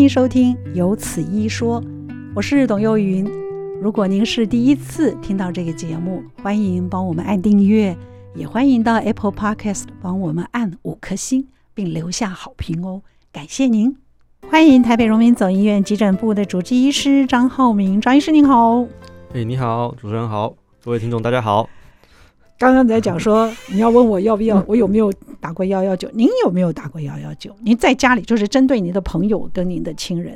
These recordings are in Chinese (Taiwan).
歡迎收聽《由此一說》，我是董又云。如果您是第一次聽到這個節目，歡迎幫我們按訂閱，也歡迎到 Apple Podcast 幫我們按五顆星並留下好評哦，感謝您！歡迎台北榮民總醫院急診部的主治醫師張浩明，張醫師您好。哎，你好，主持人好，各位聽眾大家好。剛剛在講說，你要問我要不要，我有沒有打過幺幺九？您有沒有打過幺幺九？您在家裡就是針對您的朋友跟您的親人？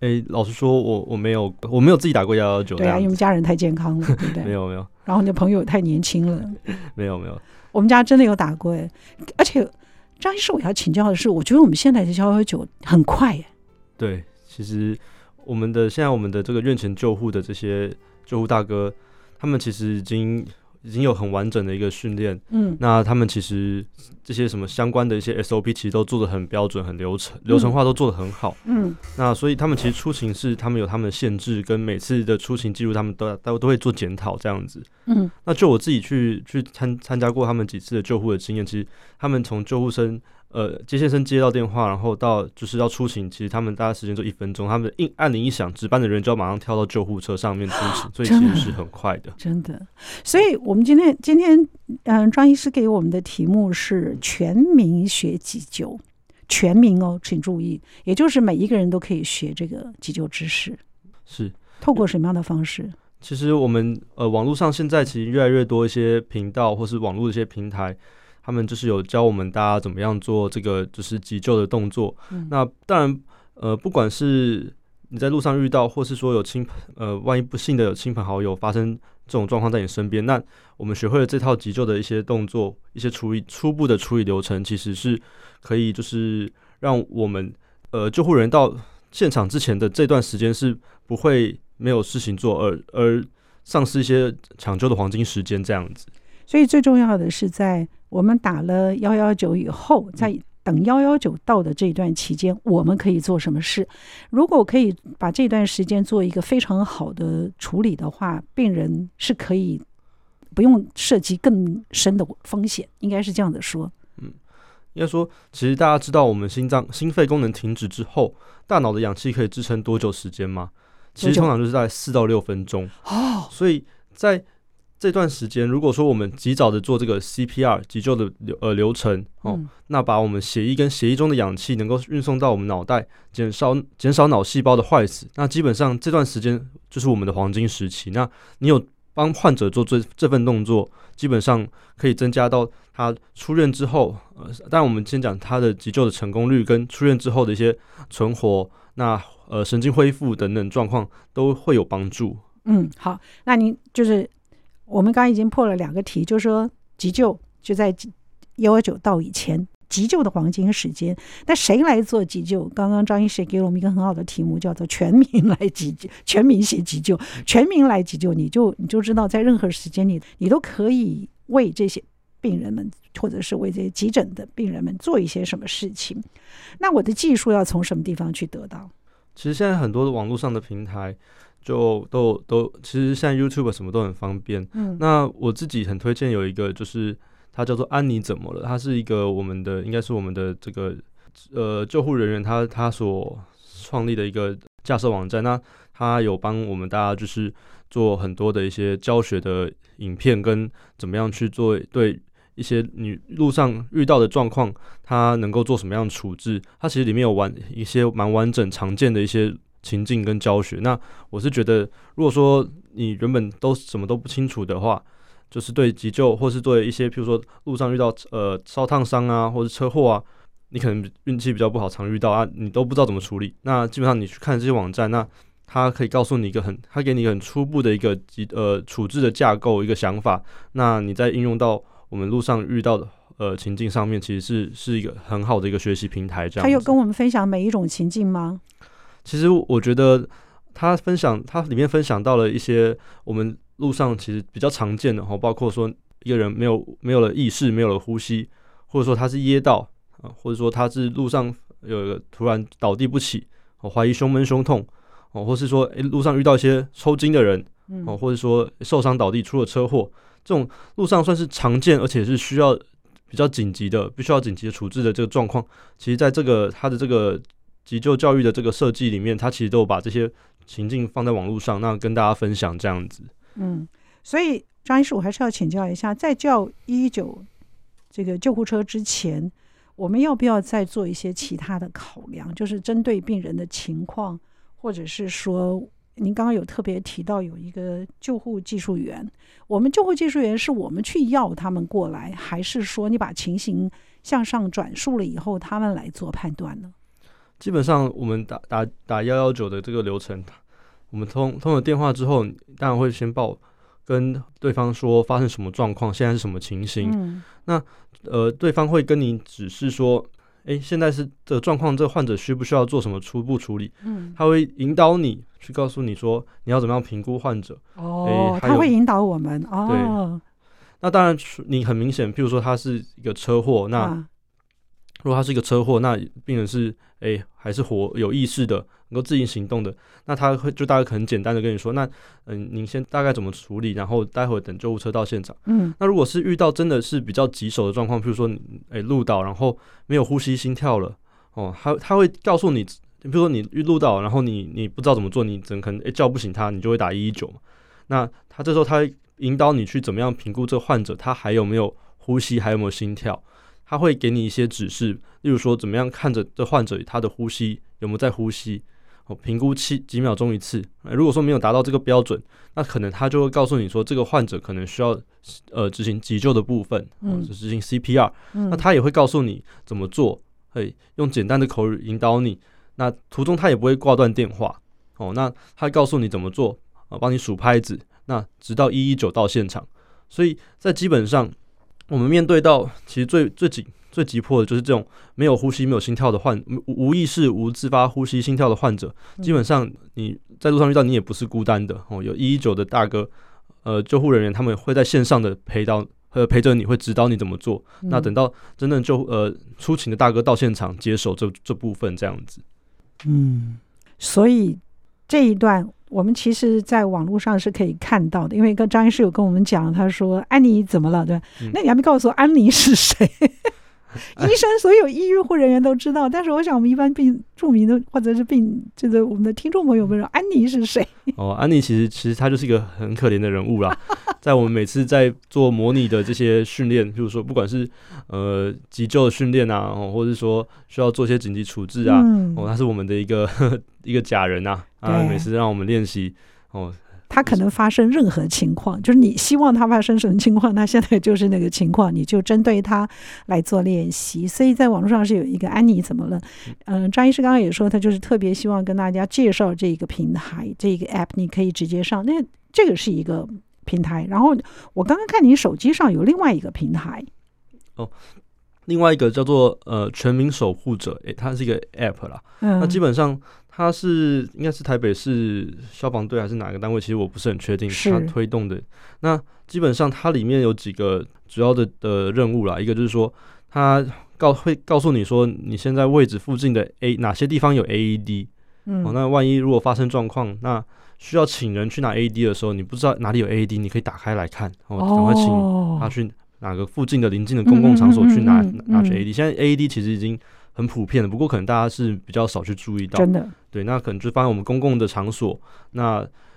哎、欸，老實說，我我沒有，我沒有自己打過幺幺九。對啊，因為家人太健康了，對不對？ 沒有沒有。然後你的朋友太年輕了。 沒有沒有。我們家真的有打過哎、欸，而且張醫師，我要請教的是，我覺得我們現在的幺幺九很快哎、欸。對，其實我們的現在我們的這個院前救護的這些救護大哥，他們其實已經。已經有很完整的一個訓練，嗯，那他們其實。這些什麼相關的一些 SOP 其實都做得很標準，很流程，嗯、流程化都做得很好。嗯，那所以他們其實出勤是他們有他們的限制，嗯、跟每次的出勤記錄他們都都都會做檢討這樣子。嗯，那就我自己去去參參加過他們幾次的救護的經驗，其實他們從救護生呃接線生接到電話，然後到就是要出勤，其實他們大概時間就一分鐘，他們一按鈴一響，值班的人就要馬上跳到救護車上面出去，啊、所以其實是很快的。真的，真的所以我們今天今天嗯，張、呃、醫師給我們的題目是。全民學急救，全民哦，請注意，也就是每一個人都可以學這個急救知識。是透過什麼樣的方式？嗯、其實我們呃，網絡上現在其實越來越多一些頻道或是網絡的一些平台，他們就是有教我們大家怎麼樣做這個就是急救的動作。嗯、那當然呃，不管是。你在路上遇到，或是說有親朋呃，萬一不幸的有親朋好友發生這種狀況在你身邊，那我們學會了這套急救的一些動作、一些處理初步的處理流程，其實是可以就是讓我們呃救護人到現場之前的這段時間是不會沒有事情做，而而喪失一些搶救的黃金時間這樣子。所以最重要的是在我們打了幺幺九以後在、嗯，在。等幺幺九到的這一段期間，我們可以做什麼事？如果可以把這段時間做一個非常好的處理的話，病人是可以不用涉及更深的風險，應該是這樣子說。嗯，應該說，其實大家知道，我們心臟心肺功能停止之後，大腦的氧氣可以支撐多久時間嗎？其實通常就是在四到六分鐘，哦，所以在。這段時間，如果說我們及早的做這個 CPR 急救的流呃流程、嗯、哦，那把我們血液跟血液中的氧氣能夠運送到我們腦袋，減少減少腦細胞的壞死，那基本上這段時間就是我們的黃金時期。那你有幫患者做這這份動作，基本上可以增加到他出院之後、呃，但我們先講他的急救的成功率跟出院之後的一些存活、那呃神經恢復等等狀況都會有幫助。嗯，好，那您就是。我們剛已經破了兩個題，就是說急救就在幺幺九到以前，急救的黃金時間。那誰來做急救？剛剛張醫生給我們一個很好的題目，叫做“全民來急救”，全民學急救，全民來急救。你就你就知道，在任何時間裡，你都可以為這些病人們，或者是為這些急診的病人們做一些什麼事情。那我的技術要從什麼地方去得到？其實現在很多的網絡上的平台，就都都其實現在 YouTube 什麼都很方便。嗯，那我自己很推薦有一個，就是它，叫做安妮怎麼了？它是一個我們的應該是我們的這個呃救護人員，他他所創立的一個架設網站。那他有幫我們大家就是做很多的一些教學的影片，跟怎麼樣去做對一些你路上遇到的狀況，他能夠做什麼樣的處置。它其實裡面有完一些蠻完整常見的一些，情境跟教學，那我是覺得，如果說你原本都什麼都不清楚的話，就是對急救，或是對一些譬如說路上遇到呃燒燙傷啊，或是車禍啊，你可能運氣比較不好，常遇到啊，你都不知道怎麼處理。那基本上你去看這些網站，那它可以告訴你一個很，它給你很初步的一個急呃處置的架構一個想法。那你在應用到我們路上遇到的呃情境上面，其實是是一個很好的一個學習平台。這樣子，他有跟我們分享每一種情境嗎？其實我覺得他分享，他裡面分享到了一些我們路上其實比較常見的哈，包括說一個人沒有，沒有了意識，沒有了呼吸，或者說他是噎到啊，或者說他是路上有一個突然倒地不起，我懷疑胸悶胸痛哦，或是說路上遇到一些抽筋的人哦，或者說受傷倒地出了車禍，這種路上算是常見，而且是需要比較緊急的，必須要緊急的處置的這個狀況，其實在這個他的這個。急救教育的這個設計裡面，他其實都有把這些情境放在網絡上，那跟大家分享這樣子。嗯，所以張醫師，我還是要請教一下，在叫一一九這個救護車之前，我們要不要再做一些其他的考量？就是針對病人的情況，或者是說，您剛剛有特別提到有一個救護技術員，我們救護技術員是我們去要他們過來，還是說你把情形向上轉述了以後，他們來做判斷呢？基本上，我們打打打幺幺九的這個流程，我們通通了電話之後，當然會先報跟對方說發生什麼狀況，現在是什麼情形，嗯。那呃，對方會跟你指示說，哎，現在是這個狀況，這個患者需不需要做什麼初步處理，嗯？他會引導你去告訴你說你要怎麼樣評估患者。哦，哎，他會引導我們哦。對，那當然，你很明顯，譬如說他是一個車禍那，啊。如果他是一個車禍，那病人是哎、欸、還是活有意識的，能夠自行行動的，那他會就大概很簡單的跟你說，那嗯，您、呃、先大概怎麼處理，然後待會等救護車到現場。嗯，那如果是遇到真的是比較棘手的狀況，比如說哎、欸、路倒，然後沒有呼吸心跳了，哦，他他會告訴你，比如說你路倒，然後你你不知道怎麼做，你怎可能哎、欸、叫不醒他，你就會打一一九。那他這時候他會引導你去怎麼樣評估這個患者，他還有沒有呼吸，還有沒有心跳。他會給你一些指示，例如說怎麼樣看着這患者，他的呼吸有沒有在呼吸，哦，評估七幾秒鐘一次、哎。如果說沒有達到這個標準，那可能他就會告訴你說，這個患者可能需要呃執行急救的部分，哦，執行 CPR、嗯。那他也會告訴你怎麼做，嘿，用簡單的口語引導你。那途中他也不會掛斷電話，哦，那他告訴你怎麼做，啊、哦，幫你數拍子，那直到一一九到現場。所以在基本上。我們面對到其實最最緊最急迫的就是這種沒有呼吸、沒有心跳的患無無意識、無自發呼吸、心跳的患者，基本上你在路上遇到你也不是孤單的哦，有一一九的大哥，呃，救護人員他們會在線上的陪到，呃，陪着你會指導你怎麼做。嗯、那等到真正救呃出勤的大哥到現場接手這這部分這樣子，嗯，所以這一段。我們其實，在網絡上是可以看到的，因為跟張醫師有跟我們講，他說安妮怎麼了，對吧？嗯、那你還沒告訴我安妮是誰？ 醫生，所有醫護人員都知道，哎、但是我想，我們一般病著名的，或者是病，這個我們的聽眾朋友們，說，安妮是誰？哦，安妮其實其實她就是一個很可憐的人物啦。 在我們每次在做模擬的這些訓練，就 是說不管是呃急救訓練啊，哦、或者是說需要做些緊急處置啊，嗯、哦，她是我們的一個呵呵一個假人啊啊，每次讓我們練習哦。他可能發生任何情況，就是你希望他發生什麼情況，他現在就是那個情況，你就針對他來做練習。所以在網絡上是有一個安妮怎麼了？嗯，張醫師剛剛也說，他就是特別希望跟大家介紹這個平台，這個 app 你可以直接上。那這個是一個平台，然後我剛剛看你手機上有另外一個平台哦，另外一個叫做呃全民守護者，誒、欸，它是一個 app 啦，嗯，那基本上。它是應該是台北市消防隊還是哪個單位？其實我不是很確定。是它推動的。那基本上它裡面有幾個主要的的任務啦，一個就是說他，它告會告訴你說你現在位置附近的 A 哪些地方有 AED。嗯。哦，那萬一如果發生狀況，那需要請人去拿 AED 的時候，你不知道哪裡有 AED，你可以打開來看，然後趕快請他去哪個附近的鄰近的公共場所去拿，哦，嗯嗯嗯嗯嗯拿去 AED。現在 AED 其實已經。很普遍的，不過可能大家是比較少去注意到。真的，對，那可能就放在我們公共的場所，那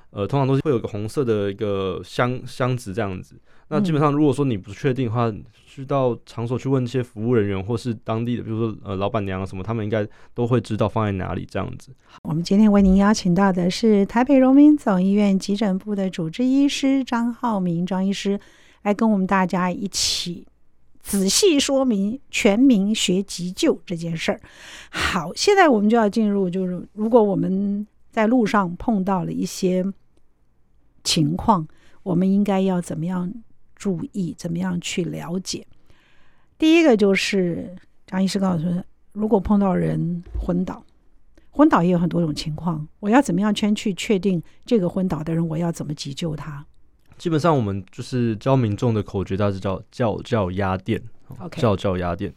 呃，通常都是會有個紅色的一個箱箱子這樣子。那基本上，如果說你不確定的話、嗯，去到場所去問一些服務人員或是當地的，比如說呃老闆娘什麼，他們應該都會知道放在哪裡這樣子。好，我們今天為您邀請到的是台北榮民總醫院急診部的主治醫師張浩明張醫師，來跟我們大家一起。仔細說明全民學急救這件事兒。好，現在我們就要進入，就是如果我們在路上碰到了一些情況，我們應該要怎麼樣注意，怎麼樣去了解？第一個就是張醫師告訴我說，如果碰到人昏倒，昏倒也有很多種情況，我要怎麼樣先去確定這個昏倒的人，我要怎麼急救他？基本上我們就是教民眾的口訣，大致叫「叫叫壓電」，Okay. 叫叫壓電。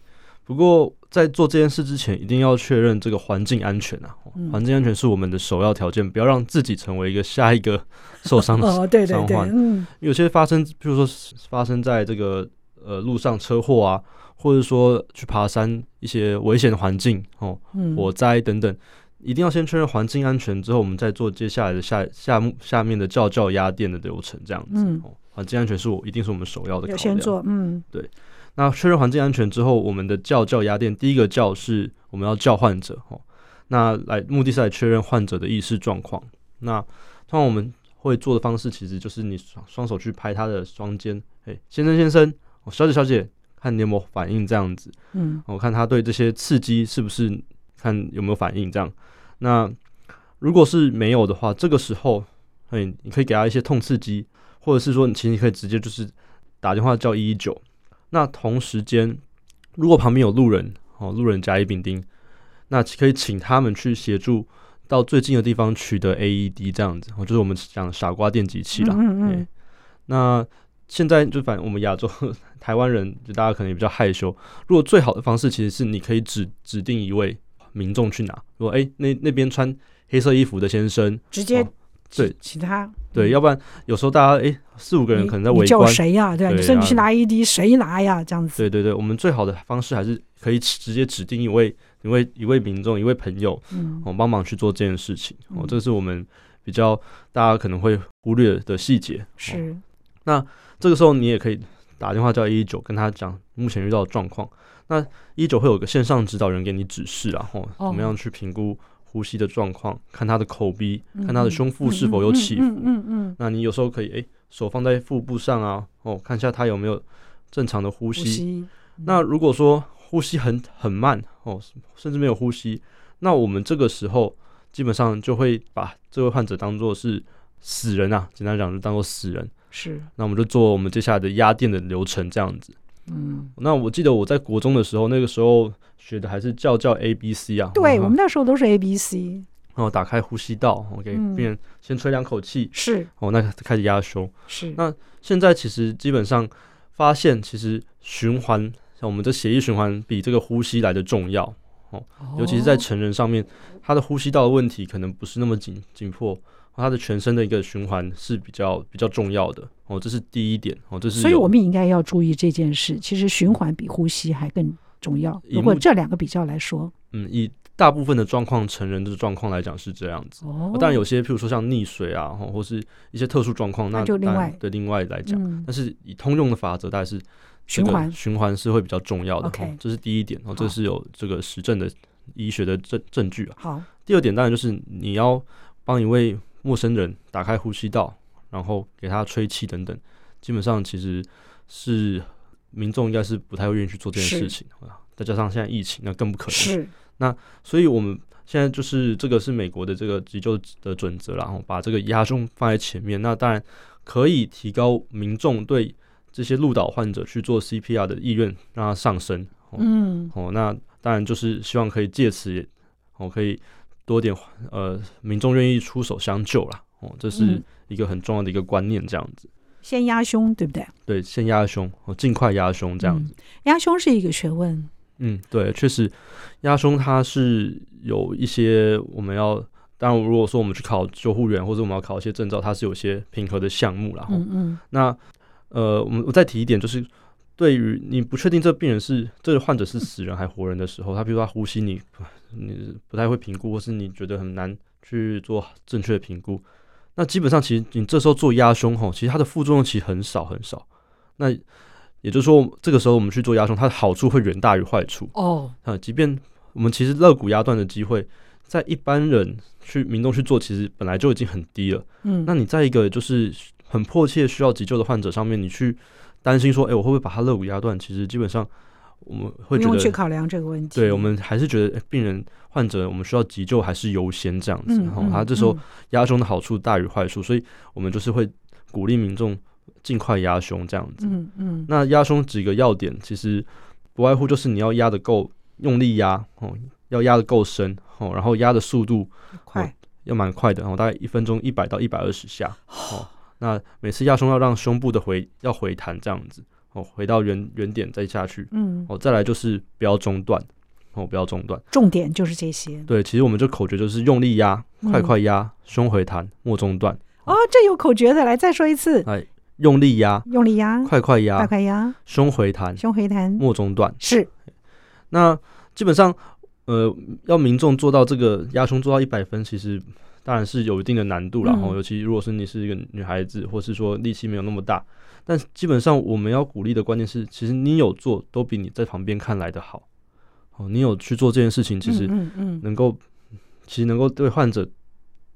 不過在做這件事之前，一定要確認這個環境安全啊！環、嗯、境安全是我們的首要條件，不要讓自己成為一個下一個受傷的傷患、 哦對對對嗯。有些發生，譬如說發生在這個呃路上車禍啊，或者說去爬山一些危險的環境哦，嗯、火災等等。一定要先確認環境安全之後，我們再做接下來的下下下面的叫叫壓電的流程這樣子。哦、嗯，喔，環境安全是我一定是我們首要的考量。有先做，嗯，對。那確認環境安全之後，我們的叫叫壓電，第一個叫是我們要叫患者哦、喔。那來目的是來確認患者的意識狀況。那通常我們會做的方式其實就是你雙手去拍他的雙肩，哎、欸，先生先生，喔，小姐小姐，看你有沒有反應這樣子。嗯，我、喔，看他對這些刺激是不是？看有沒有反應，這樣。那如果是沒有的話，這個時候，哎，你可以給他一些痛刺激，或者是說，你其實可以直接就是打電話叫一一九。那同時間，如果旁邊有路人哦，路人甲乙丙丁，那可以請他們去協助到最近的地方取得 AED，這樣子，哦，就是我們講傻瓜電擊器了。嗯，嗯，嗯。那現在就反正我們亞洲台灣人，就大家可能也比較害羞。如果最好的方式，其實是你可以指指定一位。民眾去拿，如果哎、欸，那那邊穿黑色衣服的先生直接，哦、對，其他對，要不然有時候大家哎，四、欸、五個人可能在圍觀，誰呀、啊？對、啊對啊，你說你去拿 AED 誰拿呀？這樣子，對對對，我們最好的方式還是可以直接指定一位一位一位民眾一位朋友，嗯、哦，我幫忙去做這件事情，嗯。哦，這是我們比較大家可能會忽略的細節。是，哦，那這個時候你也可以打電話叫一一九，跟他講目前遇到的狀況。那一九會有個線上指導人給你指示吼，然後怎麼樣去評估呼吸的狀況，oh. 看他的口鼻、嗯，看他的胸腹是否有起伏。嗯嗯,嗯,嗯,嗯。那你有時候可以誒、欸，手放在腹部上啊，哦，看一下他有沒有正常的呼吸。呼吸那如果說呼吸很很慢哦，甚至沒有呼吸，那我們這個時候基本上就會把這位患者當做是死人啊，簡單講就當做死人。是。那我們就做我們接下來的壓電的流程這樣子。嗯，那我記得我在國中的時候，那個時候學的還是叫叫 A B C 啊。對、嗯，我們那時候都是 A B C。哦，打開呼吸道，OK，先、嗯、先吹兩口氣。是。哦，那開始壓胸。是。那現在其實基本上發現，其實循環，像我們的血液循環比這個呼吸來得重要哦，哦，尤其是在成人上面，他的呼吸道的問題可能不是那麼緊緊迫。它的全身的一個循環是比較比較重要的哦，這是第一點哦，這是。所以我們應該要注意這件事。其實循環比呼吸還更重要。如果這兩個比較來說，嗯，以大部分的狀況，成人的狀況來講是這樣子哦。當然有些，譬如說像溺水啊，或是一些特殊狀況，那就另外對另外來講、嗯。但是以通用的法則，大概是循環循環是會比較重要的。嗯、這是第一點哦，okay, 這是有這個實證的醫學的證證據啊。好，第二點當然就是你要幫一位。陌生人打開呼吸道，然後給他吹氣等等，基本上其實是民眾應該是不太會願意去做這件事情、啊。再加上現在疫情，那更不可能。那，所以我們現在就是這個是美國的這個急救的準則啦，然後把這個壓胸放在前面。那當然可以提高民眾對這些路倒患者，去做 CPR 的意願，讓它上升、哦。嗯，哦，那當然就是希望可以借此，我、哦、可以。多點呃，民眾願意出手相救了哦，這是一個很重要的一個觀念，這樣子。嗯、先壓胸，對不對？對，先壓胸，儘快壓胸，這樣子。嗯、壓胸是一個學問。嗯，對，確實，壓胸它是有一些，我們要當然，如果說我們去考救護員或者我們要考一些證照，它是有些評核的項目了、嗯。嗯。那呃，我們我再提一點就是。對於你不確定這病人是這個患者是死人還活人的時候，他比如說他呼吸你你不，你不太會評估，或是你覺得很難去做正確的評估，那基本上其實你這時候做壓胸吼，其實它的副作用其實很少很少。那也就是說，這個時候我們去做壓胸，它的好處會遠大於壞處哦。啊、oh.，即便我們其實肋骨壓斷的機會，在一般人去民眾去做，其實本來就已經很低了。Mm. 那你在一個就是很迫切需要急救的患者上面，你去。擔心說，哎、欸，我會不會把他肋骨壓斷？其實基本上，我們會覺得不用去考量這個問題。對我們還是覺得、欸、病人、患者，我們需要急救還是優先這樣子。嗯，嗯，他這時候壓胸的好處大於壞處、嗯，所以我們就是會鼓勵民眾盡快壓胸這樣子。嗯嗯。那壓胸幾個要點，其實不外乎就是你要壓得夠用力壓，哦，要壓得夠深，哦，然後壓的速度快，要蠻快的，然後大概一分鐘一百到一百二十下。那每次壓胸要讓胸部的回要回彈這樣子，哦，回到原原點再下去，嗯，哦，再來就是不要中斷，哦，不要中斷，重點就是這些。對，其實我們這口訣就是用力壓，快快壓、嗯，胸回彈，莫中斷、哦。哦，這有口訣的，來再說一次。哎，用力壓，用力壓，快快壓，快快壓，胸回彈，胸回彈，莫中斷。是。那基本上，呃，要民眾做到這個壓胸做到一百分，其實。當然是有一定的難度了，然後，嗯，尤其如果是你是一個女孩子，或是說力氣沒有那麼大，但基本上我們要鼓勵的關鍵是，其實你有做，都比你在旁邊看來的好。哦，你有去做這件事情，其實能夠，其實能夠對患者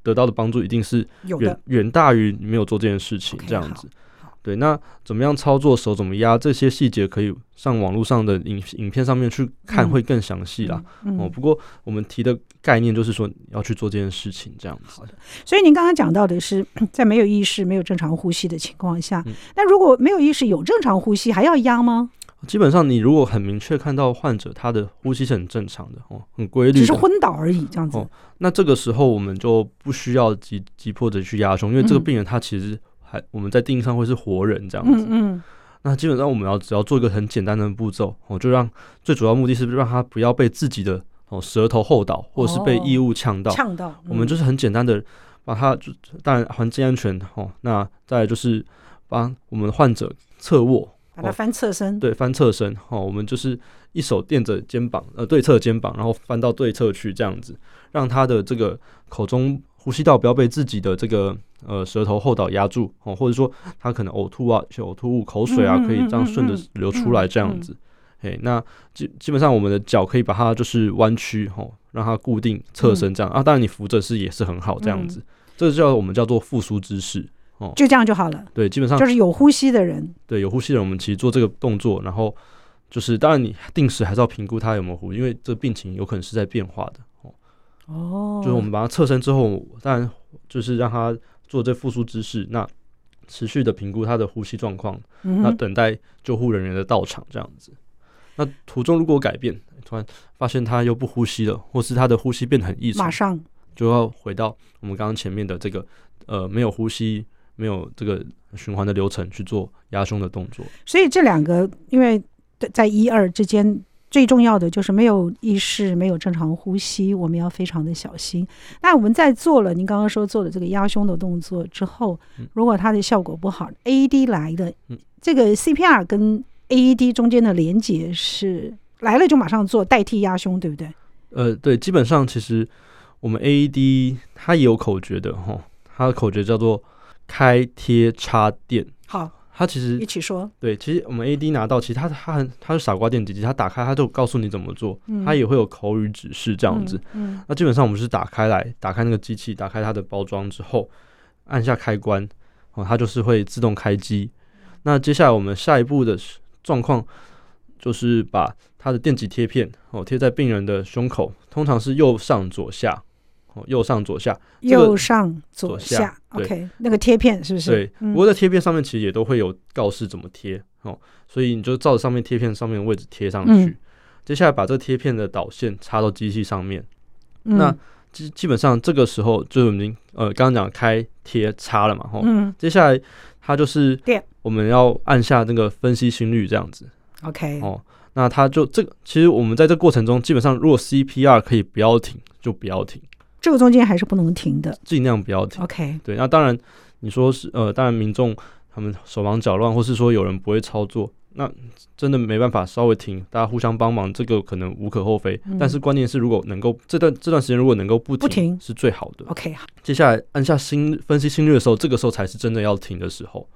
得到的幫助，一定是遠遠大於你沒有做這件事情這樣子。Okay，對，那怎麼樣操作手怎麼壓這些細節，可以上網絡上的影影片上面去看，會更詳細啦、嗯嗯嗯。哦，不過我們提的概念就是說要去做這件事情，這樣子。好的。所以您剛剛講到的是在沒有意識、沒有正常呼吸的情況下，那、嗯、如果沒有意識、有正常呼吸，還要壓嗎？基本上，你如果很明確看到患者他的呼吸是很正常的哦，很規律，只是昏倒而已這樣子。哦，那這個時候我們就不需要急急迫的去壓胸，因為這個病人他其實、嗯。還，我們在定義上會是活人這樣子。嗯嗯，那基本上我們要只要做一個很簡單的步驟，就讓最主要目的是讓他不要被自己的哦舌頭後倒，或者是被異物嗆到。嗆到。嗯、我們就是很簡單的把，把它就當然環境安全哦。那再來就是把我們患者側臥，把它翻側身。對，翻側身。我們就是一手墊着肩膀，呃，對側肩膀，然後翻到對側去，這樣子，讓他的這個口中呼吸道不要被自己的這個呃舌頭後倒壓住哦，或者說他可能嘔吐啊，一些嘔吐物、口水啊，可以這樣順着流出來這樣子。嘿、嗯，嗯嗯嗯，hey, 那基基本上我們的腳可以把它就是彎曲哦，讓它固定側身這樣，嗯、啊。當然你扶着是也是很好這樣子，嗯、這個、叫我們叫做復甦姿勢哦。就這樣就好了。對、嗯，基本上就是有呼吸的人。對，對有呼吸的人，我們其實做這個動作，然後就是當然你定時還是要評估他有沒有呼吸，因為這病情有可能是在變化的。哦，就是我們把它側身之後，當然就是讓他做這復甦姿勢，那持續的評估他的呼吸狀況，那等待救護人員的到場這樣子、嗯。那途中如果改變，突然發現他又不呼吸了，或是他的呼吸變得很異常，馬上就要回到我們剛剛前面的這個呃沒有呼吸、沒有這個循環的流程去做壓胸的動作。所以這兩個，因為在一二之間。最重要的就是沒有意識、沒有正常呼吸，我們要非常的小心。那我們在做了您剛剛說做的這個壓胸的動作之後，如果它的效果不好，嗯，AED 來的，嗯，這個 CPR 跟 AED 中間的連接是來了就馬上做代替壓胸，對不對？呃，對，基本上其實我們 AED 它也有口訣的哈，哦，它的口訣叫做開貼插電。好。他其實一起說，對，其實我們 A D 拿到，其實他很，他是傻瓜電擊機，他打開他就告訴你怎麼做，嗯，他也會有口語指示這樣子嗯。嗯，那基本上我們是打開來，打開那個機器，打開它的包裝之後，按下開關哦，它就是會自動開機。那接下來我們下一步的狀況就是把它的電擊貼片哦貼在病人的胸口，通常是右上左下。右上左下，右上左下,、這個、左下,左下對，OK，那個貼片是不是？對，不過在貼片上面其實也都會有告示怎麼貼，哦、嗯喔，所以你就照著上面貼片上面的位置貼上去、嗯。接下來把這貼片的導線插到機器上面，嗯、那基基本上這個時候就已經呃剛剛講開貼插了嘛，吼、嗯，接下來它就是電，我們要按下那個分析心率這樣子，OK，哦、嗯喔，那它就這個其實我們在這過程中基本上如果 CPR 可以不要停就不要停。這個中間還是不能停的，盡量不要停。OK，對，那當然你說是呃，當然民眾他們手忙腳亂，或是說有人不會操作，那真的沒辦法稍微停，大家互相幫忙，這個可能無可厚非。嗯，但是關鍵是，如果能夠這段這段時間如果能夠不停，不停，是最好的。OK，接下來按下心分析心率的時候，這個時候才是真的要停的時候，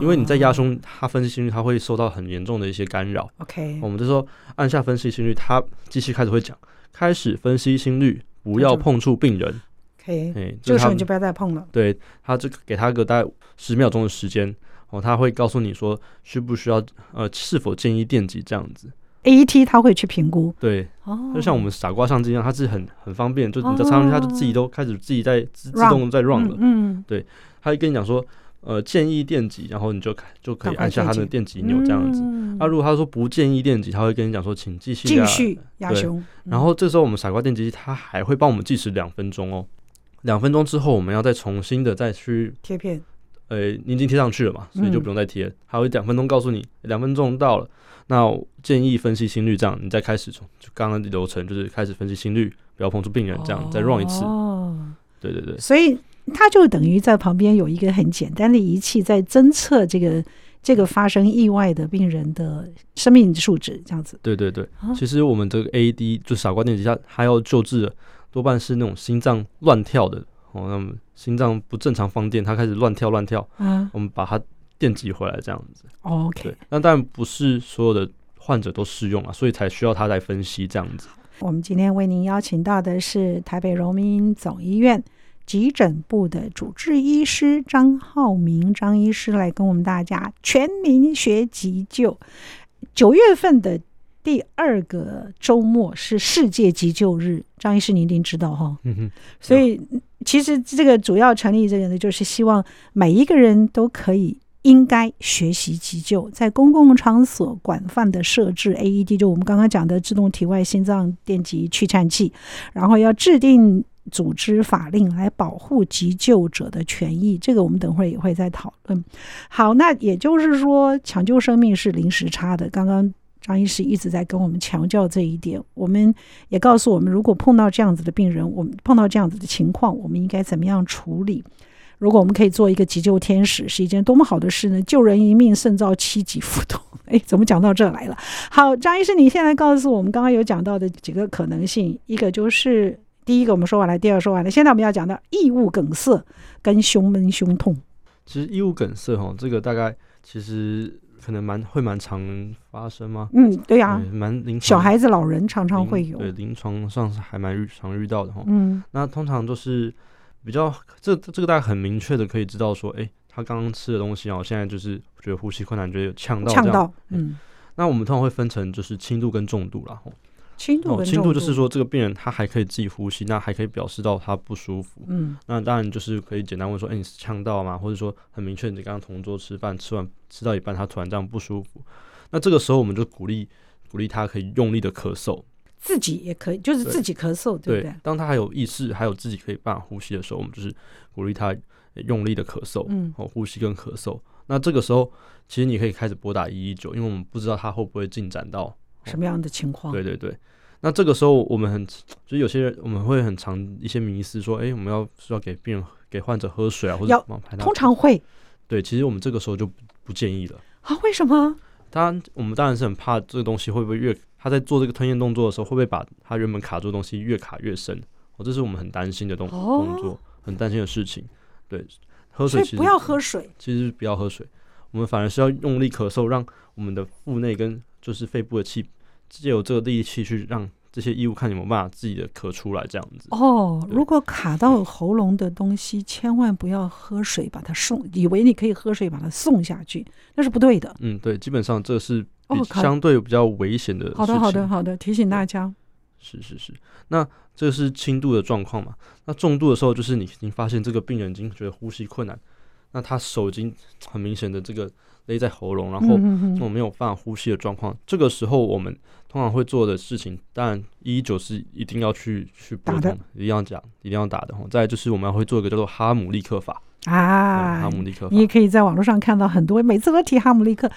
因為你在壓胸，它分析心率它會受到很嚴重的一些干擾。OK，我們這時候按下分析心率，它機器開始會講，開始分析心率。不要碰觸病人，可、okay, 以、欸，哎，這個時候你就不要再碰了。對他，這個給他個大概十秒鐘的時間，哦，他會告訴你說需不需要，呃，是否建議電擊這樣子。A E T 他會去評估，對，oh. 就像我們傻瓜相機一樣，他是很很方便，就你插上去，他就自己都開始自己在自、oh. 自動在 run 了，嗯、oh.，對，他就跟你講說。呃，建議電擊，然後你就就可以按下它的電擊鈕這樣子。那、嗯啊、如果他說不建議電擊，他會跟你講說，請繼續。繼續，對，然後這時候我們傻瓜電擊，它還會幫我們計時兩分鐘哦。兩分鐘之後，我們要再重新的再去貼片。呃，你已經貼上去了嘛？所以就不用再貼。還有兩分鐘，告訴你，兩分鐘到了。那建議分析心律，這樣你再開始從就剛剛的流程，就是開始分析心律，不要碰觸病人，這樣再 run 一次。對對對、哦。所以。它就等於在旁邊有一個很簡單的儀器在偵測這個這個發生意外的病人的生命數值這樣子。對對對，啊、其實我們這個 A D 就傻瓜電極下，還要救治的多半是那種心臟亂跳的哦，那麼心臟不正常放電，它開始亂跳亂跳，嗯、啊，我們把它電擊回來這樣子。啊、OK，對，那當然不是所有的患者都適用啊，所以才需要它來分析這樣子。我們今天為您邀請到的是台北榮民總醫院。急診部的主治醫師張浩明，張醫師來跟我們大家全民學急救。九月份的第二個周末是世界急救日，張醫師您一定知道哈、嗯。所以其實這個主要成立這個呢，就是希望每一個人都可以應該學習急救，在公共場所廣泛的設置 AED，就我們剛剛講的自動體外心臟電擊去顫器，然後要制定。組織法令來保護急救者的權益，這個我們等會兒也會再討論、嗯。好，那也就是說，搶救生命是臨時差的。剛剛張醫師一直在跟我們強調這一點。我們也告訴我們，如果碰到這樣子的病人，我們碰到這樣子的情況，我們應該怎麼樣處理？如果我們可以做一個急救天使，是一件多麼好的事呢？救人一命勝造七級浮屠。哎，怎麼講到這來了？好，張醫師，你現在告訴我們，剛剛有講到的幾個可能性，一個就是。第一個我們說完了，第二說完了。現在我們要講的異物梗塞跟胸悶胸痛。其實異物梗塞哈，這個大概其實可能蠻會蠻常發生嗎？嗯，對呀、啊，蠻、欸、小孩子、老人常常會有。臨對，臨床上是還蠻常遇到的哈。嗯，那通常都是比較這這個大家很明確的可以知道說，哎、欸，他剛剛吃的東西啊，現在就是覺得呼吸困難，覺得有嗆到。嗆到，嗯、欸。那我們通常會分成就是輕度跟重度啦。輕度跟重度，哦，輕度就是說這個病人他還可以自己呼吸，那還可以表示到他不舒服，嗯，那當然就是可以簡單問說，哎、欸，你是嗆到嗎？或者說很明確你剛剛同桌吃飯吃完吃到一半，他突然這樣不舒服，那這個時候我們就鼓勵鼓勵他可以用力的咳嗽，自己也可以，就是自己咳嗽，對不對，對？當他還有意識，還有自己可以辦法呼吸的時候，我們就是鼓勵他用力的咳嗽，嗯，哦，呼吸跟咳嗽，那這個時候其實你可以開始撥打一一九，因為我們不知道他會不會進展到。什麼樣的情況？對對對，那這個時候我們很，就是有些人我們會很常一些迷思，說，哎、欸，我們要是要給病人給患者喝水啊，或者要通常會，對，其實我們這個時候就不，不建議了啊？為什麼？當我們當然是很怕這個東西會不會越他在做這個吞嚥動作的時候，會不會把他原本卡住的東西越卡越深？哦，哦，這是我們很擔心的動動作，很擔心的事情。對，喝水其實所以不要喝水，其實不要喝水，我們反而是要用力咳嗽，讓我們的腹內跟就是肺部的氣。只有這個力氣去讓這些異物，看你有沒有辦法自己的咳出來，這樣子。哦，如果卡到喉嚨的東西，千萬不要喝水把它送，以為你可以喝水把它送下去，那是不對的。嗯，對，基本上這是、哦、相對比較危險的。好的，好的，好的，提醒大家。是是是，那這是輕度的狀況嘛？那重度的時候，就是你你發現這個病人已經覺得呼吸困難。那他手已經很明顯的這個勒在喉嚨，然後我沒有辦法呼吸的狀況、嗯哼哼。這個時候我們通常會做的事情，但一一九是一定要去去打的，一定要講，一定要打的、哦、再就是我們會做一個叫做哈姆立克法啊、嗯，哈姆立克法。你也可以在網絡上看到很多，每次都提哈姆立克，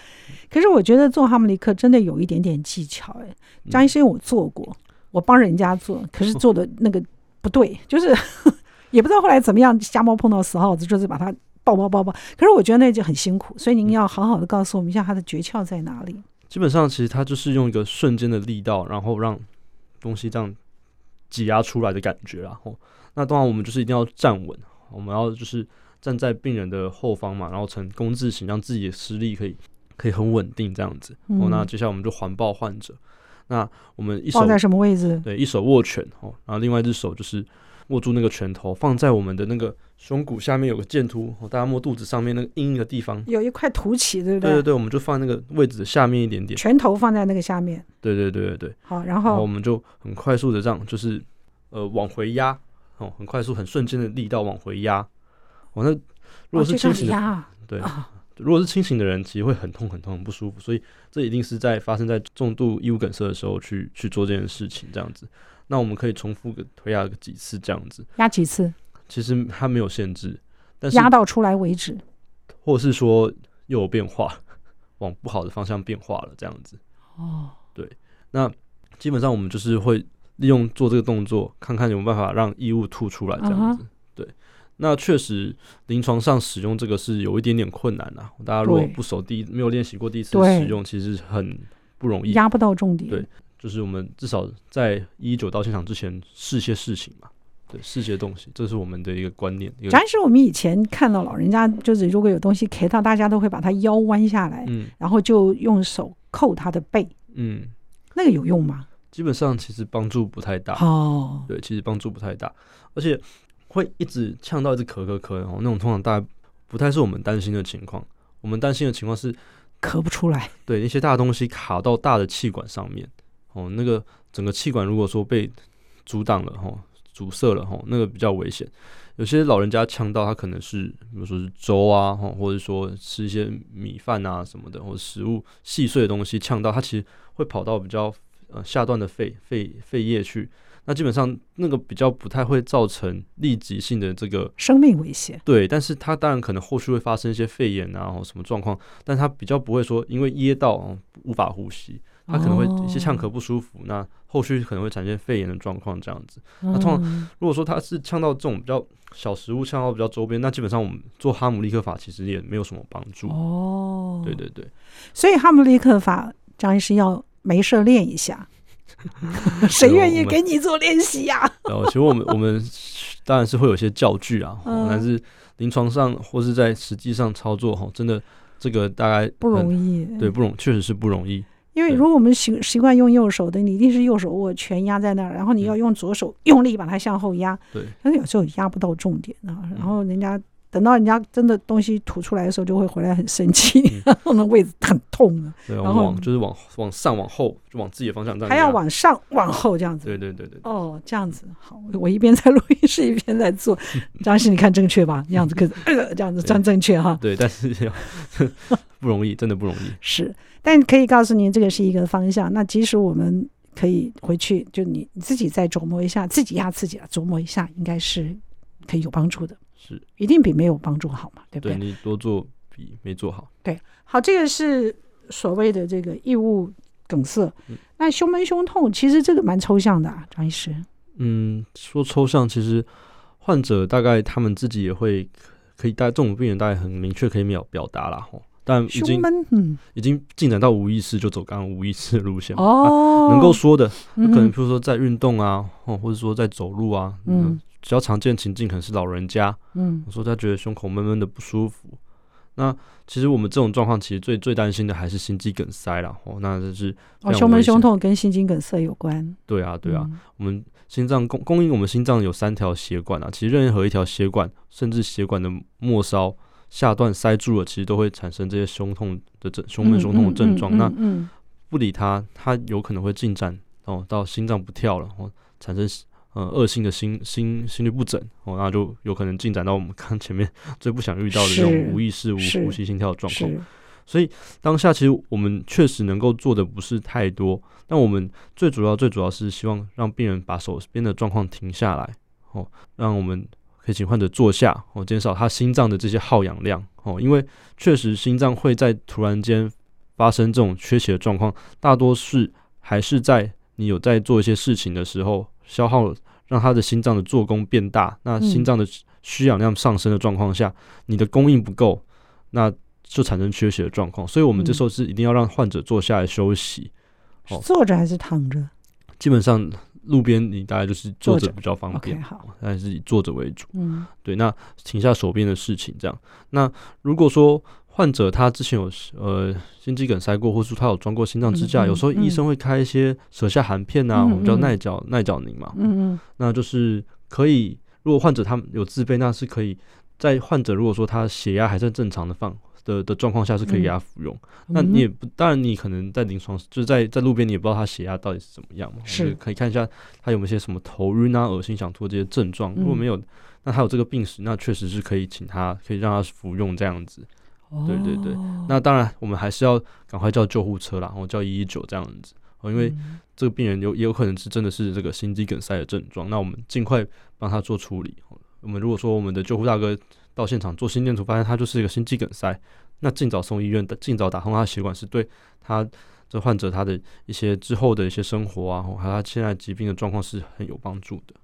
可是我覺得做哈姆立克真的有一點點技巧哎。張醫生，我做過、嗯，我幫人家做，可是做的那個不對，呵呵就是呵呵也不知道後來怎麼樣，瞎貓碰到死耗子，就是把它。抱抱抱抱！可是我覺得那就很辛苦，所以您要好好的告訴我們一下它的訣竅在哪裡。嗯、基本上，其實它就是用一個瞬間的力道，然後讓東西這樣擠壓出來的感覺。然、哦、後，那當然我們就是一定要站穩，我們要就是站在病人的後方嘛，然後呈弓字形，讓自己的施力可以可以很穩定這樣子、嗯。哦，那接下來我們就環抱患者。那我們一手在什麼位置？對，一手握拳哦，然後另外一隻手就是。握住那個拳頭，放在我們的那個胸骨下面有個劍突，大家摸肚子上面那個硬硬的地方，有一塊凸起，對不對？對對對，我們就放那個位置的下面一點點。拳頭放在那個下面。對對對對對。好，然後，然後我們就很快速的這樣，就是呃往回壓，哦，很快速很瞬間的力道往回壓。往、哦、那如果是清醒、啊啊，對，如果是清醒的人、啊，其實會很痛很痛很不舒服，所以這一定是在發生在重度異物梗塞的時候去去做這件事情，這樣子。那我們可以重複個推壓個幾次這樣子，壓幾次？其實它沒有限制，但是壓到出來為止，或者是說又有變化，往不好的方向變化了這樣子。哦，對。那基本上我們就是會利用做這個動作，看看有沒有辦法讓異物吐出來這樣子。對。那確實，臨床上使用這個是有一點點困難啊。大家如果不熟第一，沒有練習過第一次使用，其實很不容易，壓不到重點。對。就是我們至少在一一九到現場之前試些事情嘛，對，試些東西，這是我們的一個觀念。主要是我們以前看到老人家，就是如果有東西卡到，大家都會把他腰彎下來，嗯，然後就用手扣他的背，嗯，那個有用嗎？基本上其實幫助不太大哦。Oh. 對，其實幫助不太大，而且會一直嗆到一直咳咳咳，然後那種通常大概不太是我們擔心的情況。我們擔心的情況是咳不出來，對，一些大東西卡到大的氣管上面。哦，那個整個氣管如果說被阻擋了，吼、哦，阻塞了，吼、哦，那個比較危險。有些老人家嗆到，他可能是，比如說是粥啊、哦，或者說吃一些米飯啊什麼的，或者食物細碎的東西嗆到，他其實會跑到比較呃下段的肺、肺、肺葉去。那基本上那個比較不太會造成立即性的這個生命危險。對，但是他當然可能後續會發生一些肺炎啊，哦、什麼狀況，但他比較不會說因為噎到、哦、無法呼吸。他可能會一些嗆咳不舒服、哦，那後續可能會產生肺炎的狀況這樣子。那、嗯、通常如果說他是嗆到這種比較小食物嗆到比較周邊，那基本上我們做哈姆立克法其實也沒有什麼幫助哦。對對對，所以哈姆立克法張醫師要沒事練一下，誰 願意給你做練習呀？呃 我， 其實我們我們當然是會有些教具啊、嗯，但是臨床上或是在實際上操作哈，真的這個大概不容易，對，不容易，確實是不容易。因為如果我們習習慣用右手的，你一定是右手握拳壓在那兒，然後你要用左手用力把它向後壓。對、嗯，但是有時候壓不到重點、啊、然後人家等到人家真的東西吐出來的時候，就會回來很生氣，嗯、然後那位置很痛啊。對，然後往就是往往上往後就往自己的方向站。還要往上往後這樣子。啊、對,對對對對。哦，這樣子好。我一邊在錄音室一邊在做，張鑫，你看正確吧？這樣子、 呃、這樣子算正確哈、啊。對，但是呵呵不容易， 真的不容易。是。但可以告訴您，這個是一個方向。那即使我們可以回去，就你你自己再琢磨一下，自己壓自己啊，琢磨一下，應該是可以有幫助的。是，一定比沒有幫助好嘛，對不對？對，你多做比沒做好。對，好，這個是所謂的這個異物梗塞。嗯、那胸悶、胸痛，其實這個蠻抽象的，啊，張醫師。嗯，說抽象，其實患者大概他們自己也會可以帶，但這種病人大概很明確可以表表達了，吼。但已經、嗯、已經進展到無意識，就走剛剛無意識的路線哦。啊、能夠說的，可能比如說在運動啊，嗯、或者說在走路啊，嗯，比較常見的情境可能是老人家，嗯，我說他覺得胸口悶悶的不舒服。那其實我們這種狀況，其實最最擔心的還是心肌梗塞了哦。那這是胸悶胸痛跟心肌梗塞有關。對啊，對啊，嗯、我們心臟供供應我們心臟有三條血管啊，其實任何一條血管，甚至血管的末梢。下段塞住了，其實都會產生這些胸痛的症、胸悶、胸痛的症狀。那不理他，他有可能會進展哦，到心臟不跳了，哦，產生呃惡性的心心心律不整，哦，那就有可能進展到我們剛前面最不想遇到的那種無意識、無呼吸、心跳的狀況。所以當下其實我們確實能夠做的不是太多，但我們最主要、最主要是希望讓病人把手邊的狀況停下來，哦，讓我們。請患者坐下哦，減少他心臟的這些耗氧量哦，因為確實心臟會在突然間發生這種缺血的狀況，大多是還是在你有在做一些事情的時候，消耗讓他的心臟的做工變大，那心臟的需氧量上升的狀況下、嗯，你的供應不夠，那就產生缺血的狀況，所以我們這時候是一定要讓患者坐下來休息，嗯哦、是坐着還是躺着？基本上。路邊你大概就是坐着比較方便，okay, 好但是以坐着為主。嗯，對。那停下手邊的事情，這樣。那如果說患者他之前有呃心肌梗塞過，或是他有裝過心臟支架嗯嗯，有時候醫生會開一些舌下含片啊、嗯，我們叫耐絞嗯嗯耐絞寧嘛。嗯,嗯，那就是可以。如果患者他有自備，那是可以在患者如果說他血壓還算正常的放。的的狀況下是可以給他服用，嗯、那你也不當然你可能在臨床就是在在路邊你也不知道他血壓到底是怎麼樣嘛，是，就是可以看一下他有沒有些什麼頭暈啊、噁心、想吐的這些症狀，嗯，如果沒有，那他有這個病史，那確實是可以請他可以讓他服用這樣子。哦，對對對，那當然我們還是要趕快叫救護車啦，然後叫一一九這樣子，因為這個病人有也有可能是真的是這個心肌梗塞的症狀，那我們盡快幫他做處理。我們如果說我們的救護大哥。到現場做心電圖，發現他就是一個心肌梗塞，那盡早送醫院的，盡早打通他的血管，是對他這患者他的一些之後的一些生活啊，和他現在的疾病的狀況是很有幫助的。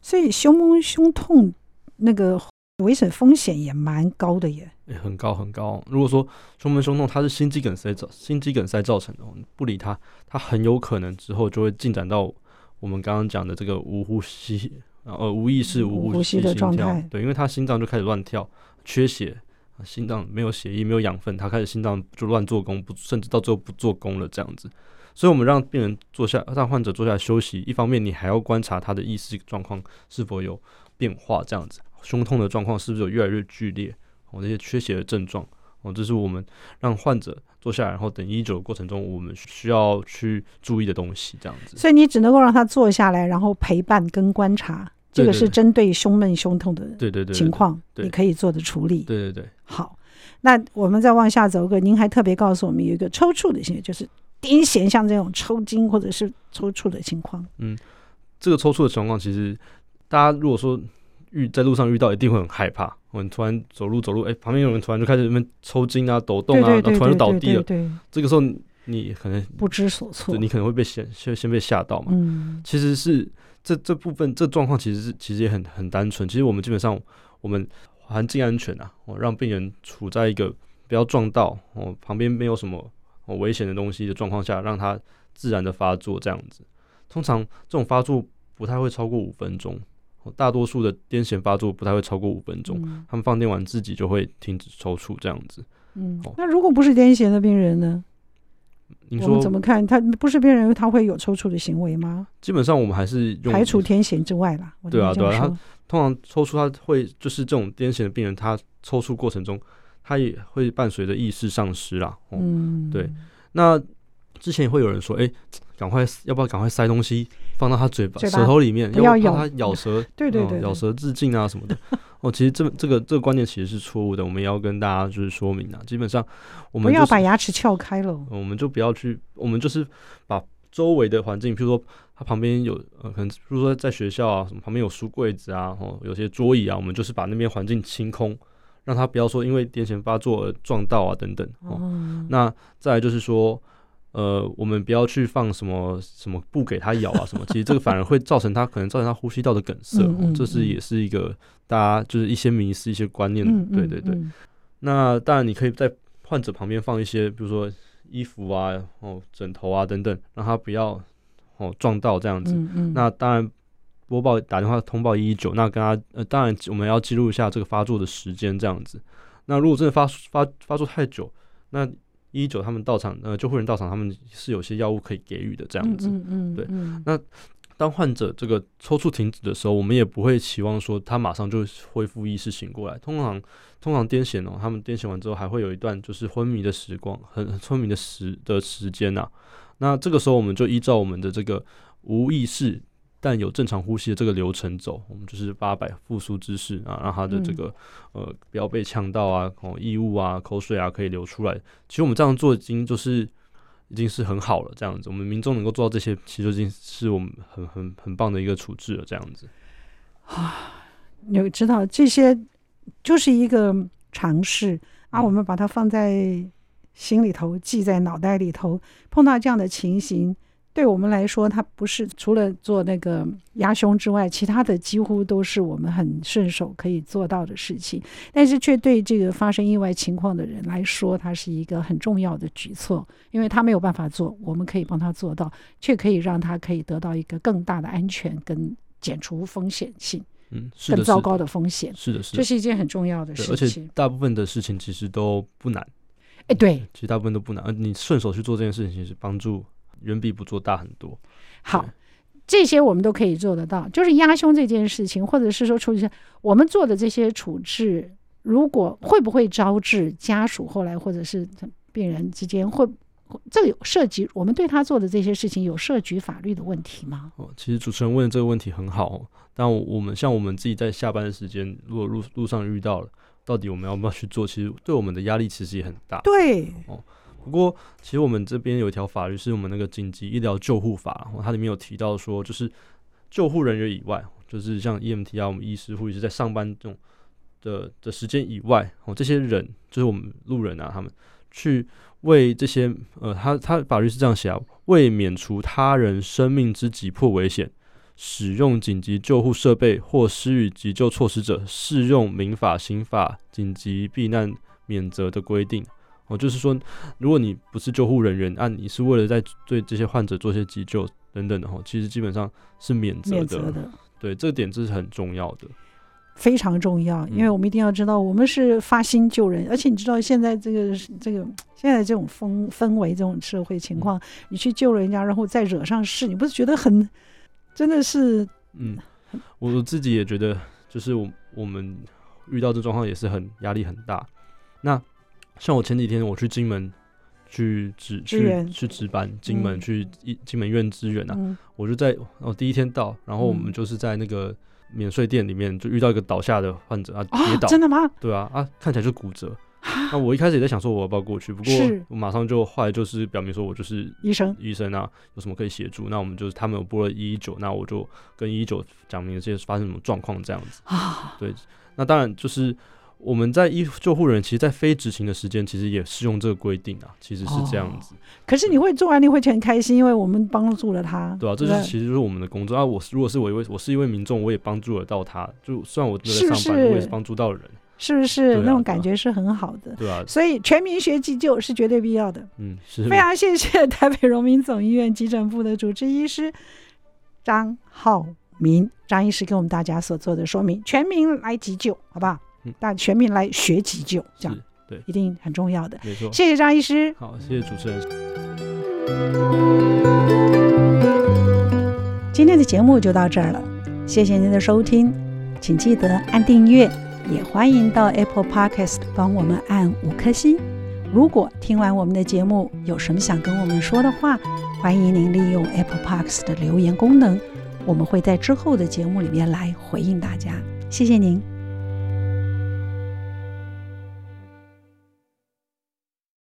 所以胸悶胸痛那個危險風險也蠻高的耶？欸，很高很高。如果說胸悶胸痛，他是心肌梗塞造心肌梗塞造成的，不理他，他很有可能之後就會進展到我們剛剛講的這個無呼吸，呃，無意識、無呼吸的狀態，的狀態。對，因為他心臟就開始亂跳，缺血，心臟沒有血液、沒有養分，他開始心臟就亂做工，不，甚至到最後不做工了這樣子。所以我們讓病人坐下，讓患者坐下來休息。一方面，你還要觀察他的意識狀況是否有變化，這樣子，胸痛的狀況是不是有越來越劇烈，我、哦、那些缺血的症狀，哦，這是我們讓患者。坐下來，然後等119的過程中，我們需要去注意的東西，這樣子。所以你只能夠讓他坐下來，然後陪伴跟觀察，這個是針對胸悶、胸痛的對對情況，你可以做的處理。對對對，好，那我們再往下走一個，您還特別告訴我們有一個抽搐的現象，就是癲癇，像這種抽筋或者是抽搐的情況。嗯，這個抽搐的情況，其實大家如果說。遇在路上遇到一定會很害怕，我們突然走路走路，哎，旁邊有人突然就開始那邊抽筋啊、抖動啊，然後突然就倒地了。這個時候你可能不知所措，你可能會被先先先被嚇到嘛。其實是這這部分這狀況，其實是其實也很很單純。其實我們基本上我們環境安全啊，我讓病人處在一個不要撞到、哦，我旁邊沒有什麼危險的東西的狀況下，讓他自然的發作這樣子。通常這種發作不太會超過五分鐘。大多數的癲癇發作不太會超過五分鐘，嗯，他們放電完自己就會停止抽搐這樣子。嗯，哦、那如果不是癲癇的病人呢？你說我們怎麼看他不是病人，他會有抽搐的行為嗎？基本上我們還是排除癲癇之外吧。對啊，對啊，他通常抽出他會就是這種癲癇的病人，他抽搐過程中，他也會伴隨着意識喪失啦、哦。嗯，對。那之前也會有人說，哎、欸，趕快，要不要趕快塞東西？放到他嘴巴，嘴巴舌頭裡面，又怕他咬舌，對對對，咬舌自盡啊什麼的。對對對對哦，其實這這個這個觀念其實是錯誤的，我們也要跟大家就是說明啊。基本上，我們、就是、不要把牙齒撬開了、嗯，我們就不要去，我們就是把周圍的環境，比如說他旁邊有呃，可能比如說在學校啊什麼，旁邊有書櫃子啊，哦，有些桌椅啊，我們就是把那邊環境清空，讓他不要說因為癲癇發作而撞到啊等等。哦，嗯、那再來就是說。呃，我們不要去放什麼什麼布給他咬啊什麼，其實這個反而會造成他 可能造成他呼吸道的梗塞。哦嗯嗯，這是也是一個大家就是一些迷思一些觀念。嗯、對對對。嗯嗯、那當然，你可以在患者旁邊放一些，比如說衣服啊、哦枕頭啊等等，讓他不要哦撞到這樣子。嗯嗯、那當然，播報打電話通報一一九，那跟他呃當然我們要記錄一下這個發作的時間這樣子。那如果真的發發發作太久，那。一九，他們到場，呃，救護人到場，他們是有些藥物可以給予的這樣子，嗯嗯嗯對。那當患者這個抽搐停止的時候，我們也不會期望說他馬上就恢復意識醒過來。通常，通常癲癇哦，他們癲癇完之後還會有一段就是昏迷的時光，很很昏迷的時的時間啊。那這個時候我們就依照我們的這個無意識。但有正常呼吸的這個流程走，我們就是八百復甦姿勢啊，然後讓他的這個、嗯、呃不要被嗆到啊，孔、哦、異物啊、口水啊可以流出來。其實我們這樣做已經就是已經是很好了，這樣子，我們民眾能夠做到這些，其實已經是我們很很很棒的一個處置了，這樣子。啊，你知道這些就是一個嘗試、嗯、啊，我們把它放在心裡頭，記在腦袋裡頭，碰到這樣的情形。對我們來說，它不是除了做那個壓胸之外，其他的幾乎都是我們很順手可以做到的事情。但是，卻對這個發生意外情況的人來說，它是一個很重要的舉措，因為他沒有辦法做，我們可以幫他做到，卻可以讓他可以得到一個更大的安全跟減除風險性，嗯，是的，更糟糕的風險是的。是的，是的，這是一件很重要的事情。而且，大部分的事情其實都不難。誒、哎，對、嗯，其實大部分都不難，你順手去做這件事情，是幫助。遠比不做大很多。好，這些我們都可以做得到。就是壓胸這件事情，或者是說處理，我們做的這些處置，如果會不會招致家屬後來或者是病人之間會，會，這個有涉及我們對他做的這些事情有涉及法律的問題嗎？哦，其實主持人問的這個問題很好。但我們像我們自己在下班的時間，如果路路上遇到了，到底我們要不要去做？其實對我們的壓力其實也很大。對，哦。不過，其實我們這邊有一條法律，是我們那個緊急醫療救護法，它裡面有提到說，就是救護人員以外，就是像 EMT 啊，我們醫師，護理師在上班這種的的時間以外，哦，這些人就是我們路人啊，他們去為這些呃，他他法律是這樣寫啊，為免除他人生命之急迫危險，使用緊急救護設備或施予急救措施者，適用民法、刑法、緊急避難免責的規定。哦，就是說，如果你不是救護人員，啊，你是為了在對這些患者做些急救等等的哈，其實基本上是免責，免責的。對，這點這是很重要的，非常重要，因為我們一定要知道，我們是發心救人、嗯，而且你知道現在這個這個現在這種風氛圍、這種社會情況，嗯、你去救了人家，然後再惹上事，你不是覺得很，真的是，嗯，我自己也覺得，就是我我們遇到這狀況也是很壓力很大。那。像我前幾天我去金門去值去去值班，金門、嗯、去醫金門醫院支援吶，我就在哦，第一天到，然後我們就是在那個免稅店裡面就遇到一個倒下的患者啊，啊跌倒啊，真的嗎？對啊啊，看起來就是骨折、啊。那我一開始也在想說，我要不要過去、啊？不過我馬上就後來就是表明說，我就是醫生醫生啊，有什麼可以協助？那我們就是他們有撥了一一九，那我就跟119一九講明了這些發生什麼狀況這樣子、啊、對，那當然就是。我們在醫護救護人，其實，在非執行的時間，其實也適用這個規定啊。其實是這樣子。哦嗯、可是你會做完，你會很開心，因為我們幫助了他。對啊，是是這是其實是我們的工作啊。我是如果是我一位，我是一位民眾，我也幫助得到他。就算我都在上班，是是我也是幫助到人。是不是？啊、那種感覺是很好的對、啊。對啊，所以全民學急救是絕對必要的。嗯，是是非常謝謝台北榮民總醫院急診部的主治醫師張浩明張醫師給我們大家所做的說明，全民來急救，好不好？但全民來學急救，這樣對一定很重要的。沒錯，謝謝張醫師。好，謝謝主持人。今天的節目就到這兒了，謝謝您的收聽，請記得按訂閱，也歡迎到 Apple Podcast 幫我們按五顆星。如果聽完我們的節目有什麼想跟我們說的話，歡迎您利用 Apple Podcast 的留言功能，我們會在之後的節目裡面來回應大家。謝謝您。